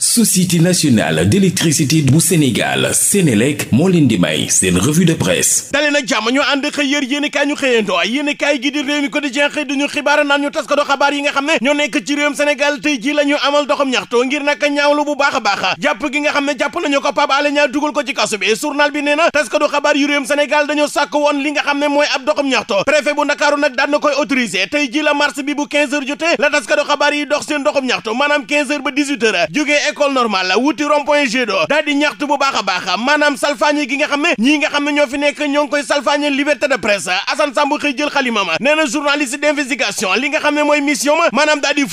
société nationale d'électricité bu Sénégal Sénélec moo leen di may seen revue de presse dale jàmm ñu ànd xëy yér yéen i kaay ñu xëyandoo yéen i kaay gi di réew mi quotidien xëy duñu xibaar naan ñu taskatu xabaar yi nga xam ne ñoo nekk ci réewum Sénégal tey ji la ñu amal doxam ñaxtu ngir nag ñaawlu bu baax a baax jàpp gi nga xam ne jàpp nañu ko Pape Alé Niang dugal ko ci kaso bi journal bi nee na taskatu xabaar yu réewum Sénégal dañoo sàkk woon li ne mooy ab doxam ñaxtu préfet bu na koy autorisé tey ji la marche bi bu école normale la wuti rond point G2 daal di ñaxtu bu baax a salfaañi gi nga xam ne nga xam ne ñoo fi nga xam mooy mission ma maanaam daal di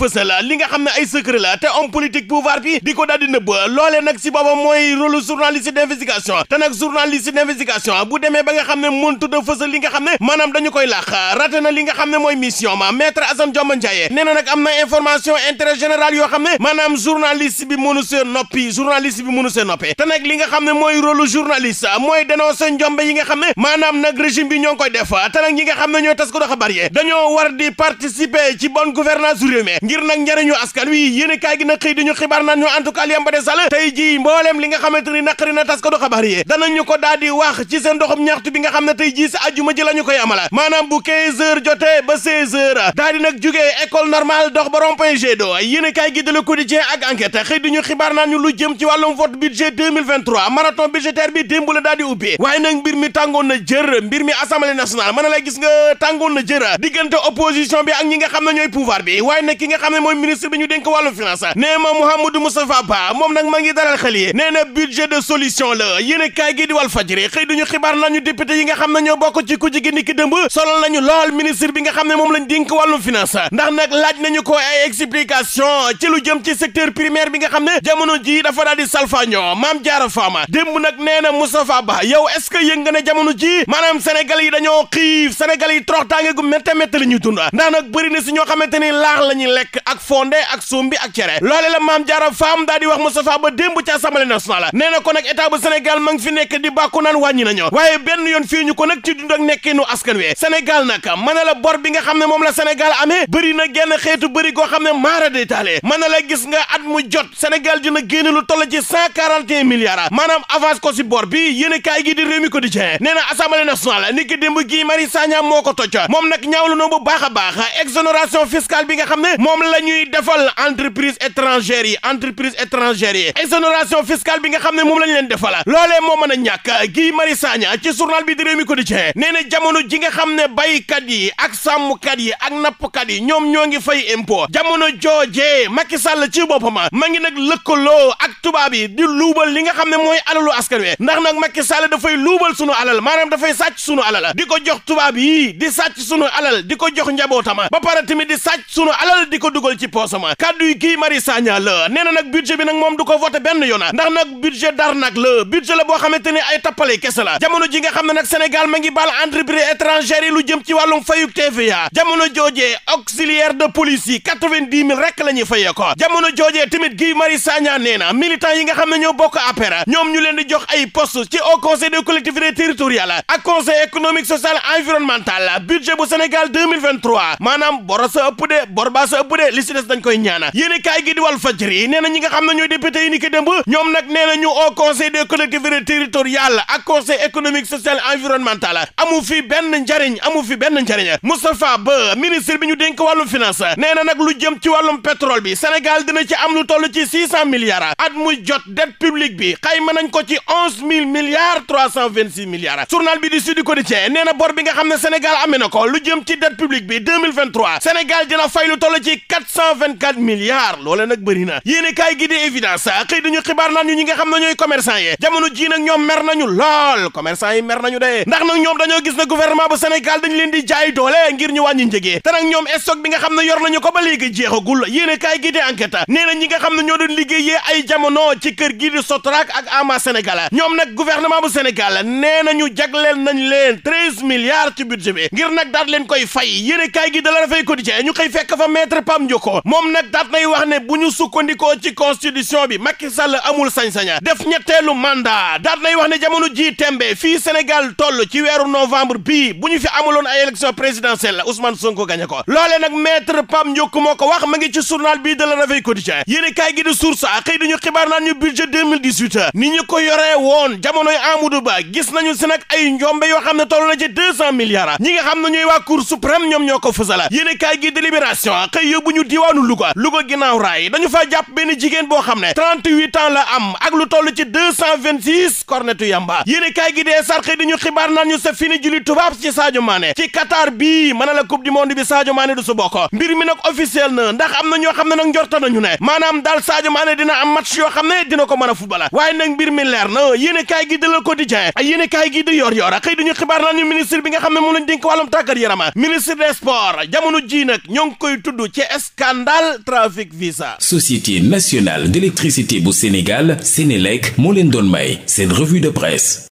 li nga xam ay secret te homme politique pouvoir bi di ko daal di nag si mooy rôle journaliste d'investigation te nag journaliste d'investigation bu demee ba nga xam ne mëntu da fësal li nga xam ne dañu koy laax raté na li nga xam mooy mission ma maître Assane Dioma Ndiaye nee na nag am na mënu seen noppi journaliste bi mënu seen noppi te nag li nga xam ne mooy rôlu journaliste mooy dénoncer njombe yi nga xam ne maanaam nag régime bi ñoo koy def te nag ñi nga xam ne ñooy tas ko doxa bari dañoo war di participer ci bonne gouvernance réew mi ngir nag njëriñu askan wi yéen kaay gi nag xëy ñu en tout cas li am ba tey jii mbooleem li nga xam ne tey jii sa àjjuma ji ñu koy amala maanaam bu 15 heures jotee ba 16 heures daal nag jugee école normale ñu xibaar naan ñu lu jëm ci wàllum vote budget bi démb la ubbi waaye nag mbir mi na jër mbir mi assemblée nationale mën nga tàngoon na jër diggante opposition bi ak ñi nga xam ne ñooy pouvoir bi waaye nag ki nga xam ne mooy ministre bi ñu dénk wàllu finance nee ma Ba moom nag ma ngi dalal xel budget de solution la yéen a kaay gi di xibaar naan ñu yi nga xam ne ñoo bokk ci ku jigi niki dëmb solal nañu ministre xam ne jamono ji dafa daal di salfaañoo maam jaara faama démb nag nee na Moustapha Ba yow est ce que yëng nga ne jamono ji maanaam Sénégal yi dañoo xiif Sénégal yi toroxtaange gu métte métte la ñuy dund ndax nag bëri na si ñoo xamante ni laax la ñuy lekk ak fonde ak sumbi ak cere loole la maam jaara faam daal di wax Moustapha Ba démb ci assemblée la nee na ko nag état bu Sénégal ma ngi fi nekk di bàkku naan wàññi nañu waaye benn yoon fii ñu ko nag ci dund ak nekkinu askan wi Sénégal nag mën la bor bi nga xam ne moom la Sénégal amee bëri na genn xeetu bëri goo xam ne maara détaale mën la gis nga at mu jot Sénégal dina génn lu toll ci cent quarante et un milliards maanaam avance ko si bor bi yéen kaay gi di Rewmi Quotidien nee na assemblée nationale ni ki démb Guy Marius moo ko toj moom nag ñaawlu na bu baax a baax exonération fiscale bi nga xam ne moom la ñuy defal entreprise étrangères yi entreprise étrangères yi exonération fiscale bi nga xam ne moom la ñu leen defal loolee moo mën a ñàkk Guy Marius Sagna ci journal bi di Rewmi Quotidien nee na jamono ji nga xam ne baykat yi ak sàmmkat yi ak nappkat yi ñoom ñoo ngi fay impôt jamono joojee Macky Sall ci boppam ma ngi nag nag lëkkaloo ak tubaab yi di luubal li nga xam ne mooy alalu askan wi ndax nag Macky Sall dafay luubal sunu alal maanaam dafay sàcc sunu alal di ko jox tubaab yi di sàcc sunu alal di ko jox njabootama ba pare tamit di sàcc sunu alal di ko dugal ci poosama kàddu yi kii mari Sagna la nee na nag budget bi nag moom du ko voté benn yoon ndax nag budget dar nag la budget la boo xamante ni ay tappale kese la jamono ji nga xam ne nag Sénégal ma ngi baal entreprise étrangère yi lu jëm ci wàllum fayuk TVA jamono joojee auxiliaire de police yi quatre-vingt-dix mille la ñuy fayee ko jamono joojee tamit Mari Sagna nee na militant yi nga xam ne ñoo bokk APR ñoom ñu leen di jox ay poste ci au conseil des collectivités territoriales ak conseil économique social environnemental budget bu Sénégal 2023 maanaam boro koy ñaana yéen i kaay gi di wal fajri nee na ñi nga xam ne ñooy député yi ni ki démb ñoom nag nee na ñu au conseil des collectivités territoriales ak conseil économique social environnemental amu fi benn njariñ amu fi benn njariñ Moustapha Ba ministre bi ñu dénk wàllum finance na lu jëm ci wàllum pétrole bi Sénégal dina ci am six cent milliards at muy jot dette publique bi xayma nañ ko ci onze mille milliards trois cent vingt six milliards journal bi di Sud Quotidien nee na bor bi xam ne Sénégal amee lu jëm ci dette publique bi deux mille fay lu toll ci quatre cent vingt quatre milliards loole nag bëri na yéen kaay gi di évidence xibaar naan ñu ñi xam ne ñooy commerçant yi jamono ji ñoom mer nañu lool commerçant yi mer na ñu wàññi njëgee te ñoom stock bi nga na ñi nga doon liggéeyee ay jamono ci kër gi di Sotrac ak Ama Sénégal ñoom nag gouvernement bu Sénégal nee na ñu jagleel nañ leen treize milliards ci budget bi ngir nag daat leen koy fay yéene kaay gi da la dafay quotidien ñu xëy fekk fa metre Pam Ndioko moom nag daat nay wax ne bu ñu sukkandikoo ci constitution bi Macky Sall amul sañ-saña def ñetteelu mandat daat nay wax ne jamono jii tembe fii Sénégal toll ci weeru novembre pii bu ñu fi amuloon ay élection présidentielle Ousmane Sonko gañe ko loole nag maître Pam Ndioko ko wax ma ngi ci journal bii da source a xëy dañu xibaar naan ñu budget 2018 ni ñu ko yoree woon jamonoy Amadou Ba gis nañu si ay njombe yoo xam ne toll na ci 200 milliards ñi nga xam nañu ñooy waa Cour suprême ñoom ñoo ko fësala yéene kaay gi délibération xëy yóbbu ñu diwaanu Louga Louga ginnaaw raay dañu faa jàpp benn jigéen boo xam ne 38 ans la am ak lu toll ci 226 cornetu yamba yéene kaay gi dee sar xëy dañu xibaar naan ñu sa fini julli tubaab ci Sadio Mané ci Qatar bii mën na la coupe du monde bi Sadio Mané du am na ñoo xam ne nag njorta nañu ne maanaam Sadio dina am match yoo xam ne dina ko mën a football waaye nag mbir mi leer na yéen a kaay gi de Le Quotidien ak yéen a kaay gi de Yoor Yoor a xëy duñu xibaar naan ñu ministre bi nga xam ne moom lañ dénk wàllum tàggat yaram ministre des sports jamono ji nag ñoo ngi koy tudd ci scandale trafic visa société nationale d'électricité bu Sénégal Sénélec moo leen doon may seen revue de presse